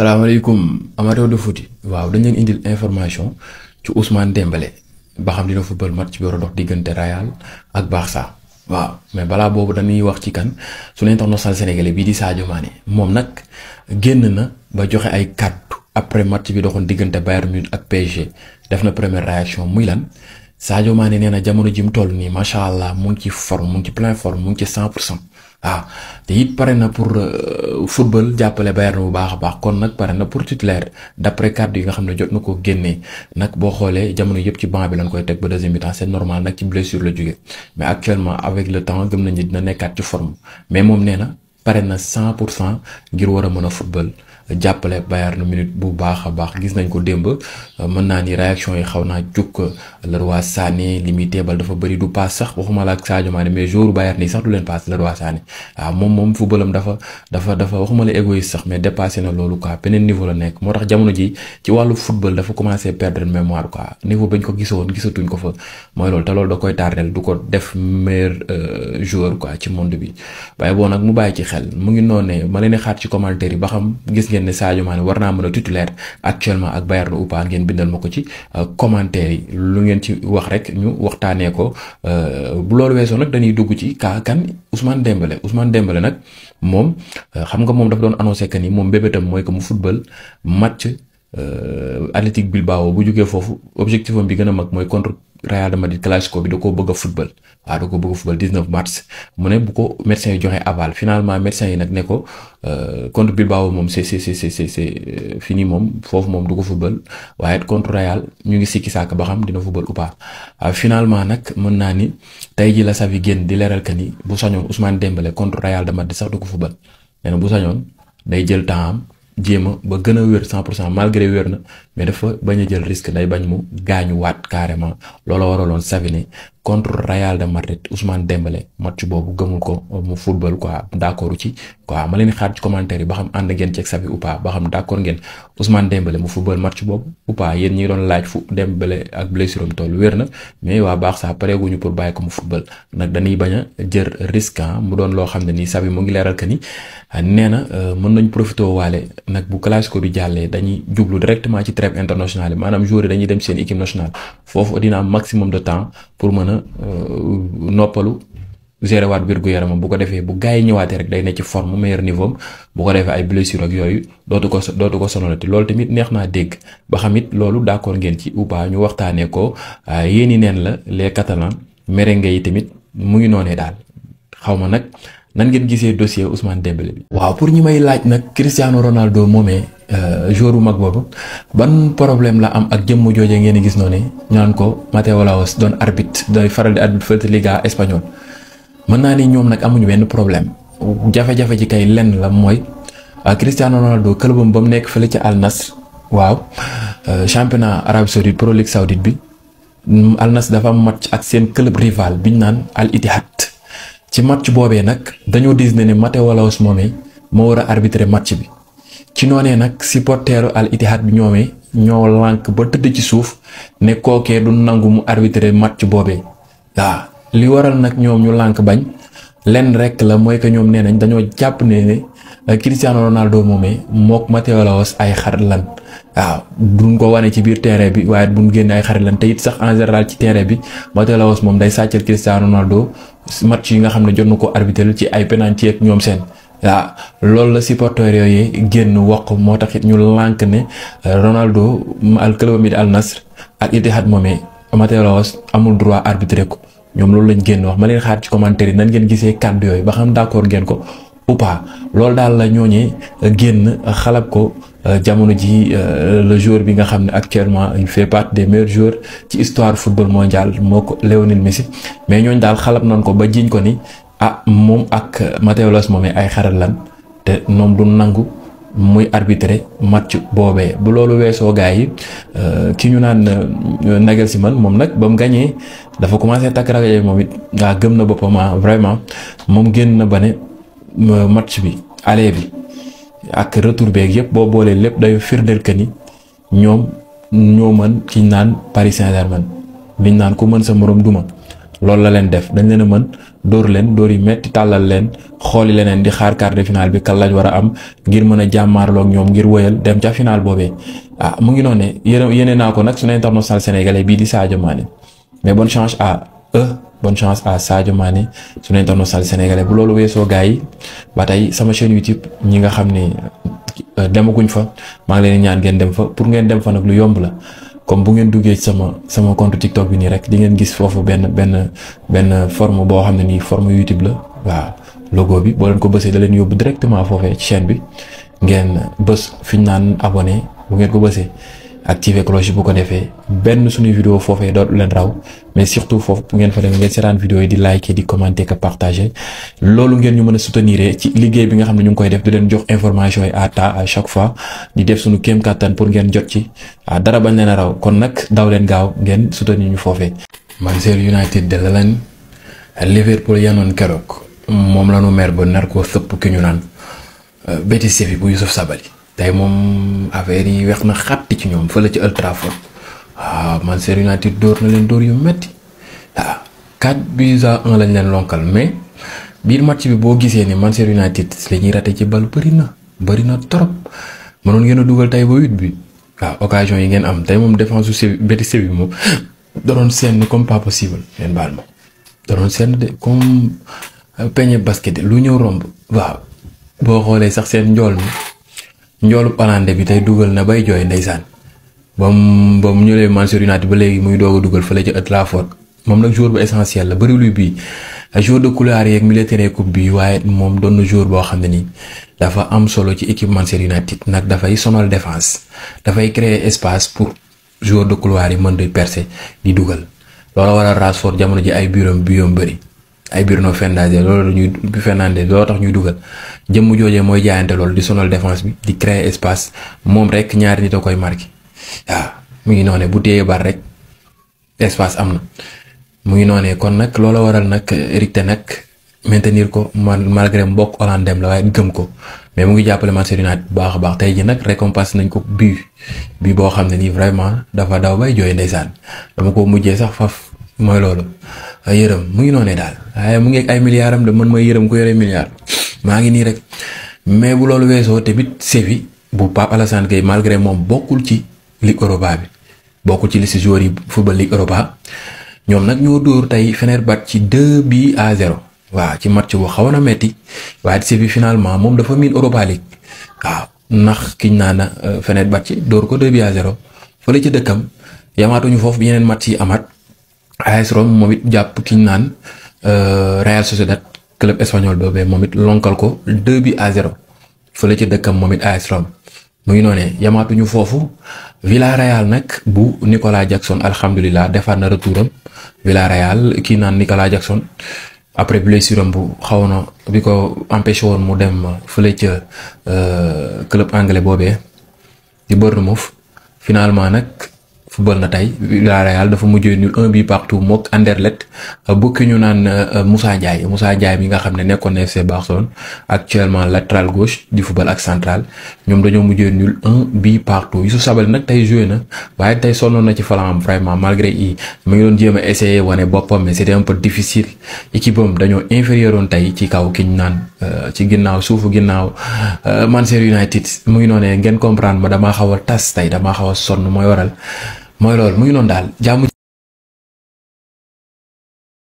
salaamaaleykum Amadou de Fouti waaw dañ leen indil information ci Ousmane Dembélé ba xam dina football match bi war a dox diggante Real ak Barça waaw mais balaa boobu dañuy wax ci kan su suñu international sénégalais bii di Sadio Mané moom nag génn na ba joxe ay kàddu après match bi doxoon diggante Bayern Munich ak PSG def na première réaction muy lan Sadio Mané nee na jamono ji mu toll nii macha allah mu ngi ci forme mu ngi ci plein forme mu ngi ci 100 pour cent ah te it pare na pour euh, football jàppale Bayern bu baax a baax kon nag pare na pour titulaire d'après carte yi nga xam ne jot na ko génnee nag boo xoolee jamono yëpp ci banc bi lañ koy teg ba deuxième mi normal nag ci blessure la jóge mais actuellement avec le temps gëm nañu dina nekkaat ci forme mais moom nee na pare na cent pour cent ngir war a mën a football. jàppale Bayern Munich bu baax a baax gis nañ ko démb mën naa ni réaction yi xaw naa jukk Leroy Sané li muy teebal dafa bëri du paas sax waxuma la ak Sadio Mané mais jour Bayern nii sax du leen paas Leroy Sané waaw moom moom footballam dafa dafa dafa waxuma la égoïste sax mais dépassé na loolu quoi beneen niveau la nekk moo tax jamono ji ci wàllu football dafa commencé perdre mémoire quoi niveau bañ ko gisoon gisatuñ ko fa mooy loolu te loolu koy tardel du ko def meilleur euh, joueur quoi ci bi waaye boo nag mu bàyyi ci xel mu ngi noonee ma leen xaar yi ba xam gis ngeen ne Sadio war naa mën a titulaire actuellement ak Bayern ou pas ngeen bindal ma ko ci euh, commentaire yi lu ngeen ci wax rek ñu waxtaanee ko euh, bu loolu weesoo nag dañuy dugg ci kaa kan Ousmane Dembélé Ousmane Dembélé nag moom euh, xam nga moom dafa doon annoncé que ni moom bébétam mooy que mu football match Athletic Bilbao bu jógee foofu objectif bi gën a mag mooy contre. Real Madrid classico bi da koo bëgg a football waaw da koo bëgg a football 19 mars mu ne bu ko médecin yi joxe aval finalement médecin yi nag ne ko euh, contre Bilbao moom c'est c'est c'est c'est euh, nii moom foofu moom du ko football waaye it contre Real ñu ngi sikki saaka ba xam dina football ou pas finalement nag mën naa ni tey ji la sax fi génn di leeral que ni bu sañoon Ousmane Dembélé contre Real de di sax du ko football nee na bu sañoon day jël temps jéema ba gën a wér cent pour cent malgré wér na mais dafa bañ a jël risque day bañ mu gaañu waat carrément looloo waraloon Saviné contre Real de Madrid Ousmane Dembélé match boobu gëmul ko euh, mu football quoi d'accord ci quoi ma leen xaar mu football ko mu football nag dañuy bañ a jër risque ah, mu doon loo xam ne nii Xavi mu ngi leeral que ni ah, nee na euh, mën nañ profité waale nag bu classico bi jàllee dañuy jublu directement ci trêve internationale maanaam joueur yi dañuy dem seen équipe nationale foofu dina maximum de temps pour mën mën a euh, noppalu gérer waat wér gu yaramam bu ko defee bu gars yi ñëwaatee rek day ne ci forme meilleur niveau am bu ko defee ay blessure ak yooyu dootu ko dootu ko sonalati loolu tamit neex naa dégg ba xamit loolu d'accord ngeen ci ou pas ñu waxtaanee ko ah, yéen neen la les catalans merengue yi tamit mu ngi noonee daal xaw ma nag. nan ngeen gisee dossier Ousmane Dembélé bi. waaw pour ñi may laaj nag Cristiano Ronaldo moomee euh, joueur bu mag boobu ban problème la am ak jëmm jooje ngeen di gis noonu ñu naan ko Mateo Laos doon arbitre dooy faral di arbitre fële Liga espagnol mën naa ni ñoom nag amuñu benn problème jafe-jafe ci kay lenn la mooy euh, Cristiano Ronaldo këlëbam ba mu nekk fële ci Al Nasr waaw euh, championnat Arabie Saoudite Pro League Saoudite bi Al Nasr dafa am match ak seen club rival biñ naan Al ci match boobee nag dañoo dis ne ne Matteo Laos moomee moo war a arbitré match bi ci noonee nag supporteeru Al Ittihad bi ñoomee ñoo lànk ba tëdd ci suuf ne kookee du nangu mu arbitré match boobee waaw li waral nag ñoom ñu lànk bañ lenn rek la mooy que ñoom nee nañ dañoo jàpp ne ne euh, Cristiano Ronaldo moomee mook Matteo Laos ay xarit lan waaw duñ ko wane ci biir terrain bi waaye buñ génne ay xarit lan te it sax en général ci terrain bi Matteo Laos moom day sàccal Cristiano Ronaldo match yi nga xam ne jot na ko arbitre ci ay penalty ak ñoom seen waaw loolu la supporteurs yooyu génn wax moo tax it ñu lànk ne Ronaldo al club mi di Al Nasr ak Ittihad moomee Mateos amul droit arbitré ko ñoom loolu lañ génn wax ma leen xaar ci commentaire yi nan ngeen gisee kàddu yooyu ba xam d'accord ngeen ko ou pas loolu daal la ñooñee génn xalab ko Euh, jamono ji euh, le jour bi nga xam ne actuellement il fait partie des meilleurs joueurs ci histoire football mondial moo ko Lionel Messi mais ñooñ daal xalab nañ ko ba jiñ ko ni ah moom ak Matteo Loss moom ay xaral lan te ñoom du nangu muy arbitre match boobee bu loolu weesoo gars yi euh, ki ñu naan si man moom nag ba mu gañee dafa commencé takk rajo moom it ngaa ah, gëm na boppam ah, vraiment moom génn na ba ne match bi aller bi. ak retour beeg yëpp boo boolee lépp day firndeel que ni ñoom ñoo mën ki naan Paris Saint-Germain naan ku mën sa morom duma loolu la leen def dañ leen a mën dóor leen dóor yi metti tàllal leen xooli leneen di xaar quart de finale bi kan lañ war a am ngir mën a jàmmaarloog ñoom ngir wëyal dem ca final boobee. ah mu ngi noonu ne yéene naa ko nag suñu international sénégalais bii di Sadio Mané mais bonne chance à eux. bonne chance à su Mané suñu international sénégalais bu loolu weesoo gars yi ba tey sama chaîne YouTube ñi nga xam ne euh, demaguñ fa maa ngi leen ñaan ngeen dem fa pour ngeen dem fa nag lu yomb la comme bu ngeen duggee sama sama compte TikTok bi nii rek di ngeen gis foofu benn benn benn forme boo xam ne nii forme YouTube la waaw logo bi boo leen ko bësee da leen yóbbu directement foofee ci chaîne bi ngeen bës fi ñu naan abonné bu ngeen ko bësee. activer cloche bu ko defee benn suñu vidéo foofee dootu leen raw mais surtout foofu bu ngeen fa demee ngeen seetaan vidéo yi di liker di commenter que partager loolu ngeen ñu mën a soutenir ci liggéey bi nga xam ne ñu ngi koy def di leen jox information yi à temps à chaque fois di def suñu kéem kàttan pour ngeen jot ci ah dara bañ leen a raw kon nag daw leen gaaw ngeen soutenir ñu foofee. Manchester United de la leen Liverpool yanoon keroog moom la ñu mer ba nar koo sëpp ki ñu naan euh, Betis Séville bu Youssouf Sabaly tey moom affaire yi weex na xàtti ci ñoom fële ci Old Trafford waaw ah, Manchester United dóor na leen dóor yu metti waaw ah, 4 buts à 1 lañ leen lonkal mais biir match bi boo gisee ni Manchester United la ñuy ci bal bëri na bari na trop mënoon ngeen a dugal tey ba 8 bi waaw occasion yi ngeen am tey moom défense su Séville Betis Séville moom danoon seen comme pas possible ngeen baal ma danoon seen de comme euh, peñe basket lu ñëw romb waaw boo xoolee sax seen njool mi. njoolu palande bi tey dugal na bay jooy ndeysaan ba mu ba mu ñëwee Manchester United ba léegi muy doog a dugal fële ca Old Trafford moom nag jour bu essentiel la bëri luy bii joueur de couloir yeeg militaire coupe bi waaye moom doon na joueur boo xam ne nii dafa am solo ci équipe Manchester United nag dafay sonal défense dafay créer espace pour jour de couloir yi mën di percer di dugal loolu waral Rashford jamono ji ay bureau bi bëri. ay biir Bruno Fernandes loolu la ñuy Fernandes looloo tax ñuy dugal jëmm joojee mooy jaayante loolu di sonal défense bi di créer espace moom rek ñaari nit a koy marqué waaw mu ngi noonee bu téye bar rek espace am na mu ngi noonee kon nag loola waral nag Eric nag maintenir ko man malgré mbokk Hollandem la waaye gëm ko mais mu ngi jàppale Manchester United bu baax a baax tey ji nag récompense nañ ko bii boo xam ne nii vraiment dafa daw bay jooy ndeysaan dama ko mujjee sax faf mooy loolu yërëm mu ngi noonee daal waaye mu ngi ay milliards am man mooy yërëm ku yore milliards maa ngi nii rek mais bu loolu weesoo tamit sévi bu Pape Alassane Gueye malgré moom bokkul ci Ligue Europa bi bokkul ci liste joueurs yi football Ligue Europa ñoom nag ñoo dóor tey Fenerbahçe ci 2 bi à 0 waaw ci match bu xaw a metti waaye sévi finalement moom dafa miin Europa League waaw ndax kiñ naa na euh, Fenerbahçe dóor ko 2 bi à 0 fële ci dëkkam yamaatuñu foofu yeneen match yi amaat. AS Rome moom it jàpp ki ñu naan euh, Real Sociedad club espagnol boobee moom it lonkal ko 2 bi à 0 fële ci dëkkam moom it AS Rome mu ngi noonee yamaatuñu foofu villa Villarreal nag bu Nicolas Jackson alhamdulilah defaat na retouram Villarreal kii naan Nicolas Jackson après blessure am bu xaw na bi ko empêché woon mu dem fële ca euh, club anglais boobee di Bournemouth finalement nag. football na tey Villarreal dafa mujjee nul un but partout mook Anderlecht euh, bokki ñu naan euh, musaa Ndiaye musaa Ndiaye mi nga xam ne nekkoon na FC Barcelone actuellement latéral gauche di football ak central ñoom dañoo mujjee nul un but partout Youssouf Sabaly nag tey joué na waaye tey sonnoon na ci falaam vraiment malgré i mu ngi doon jéem a wane boppam mais c'était un peu difficile équipe dañoo inférieur oon tey ci kaw ki ñu naan euh, ci ginnaaw suufu ginnaaw Manchester United mu ngi noonee ngeen comprendre ma damaa xaw a tas tey damaa xaw a mooy waral. mooy loolu mu daal jaamu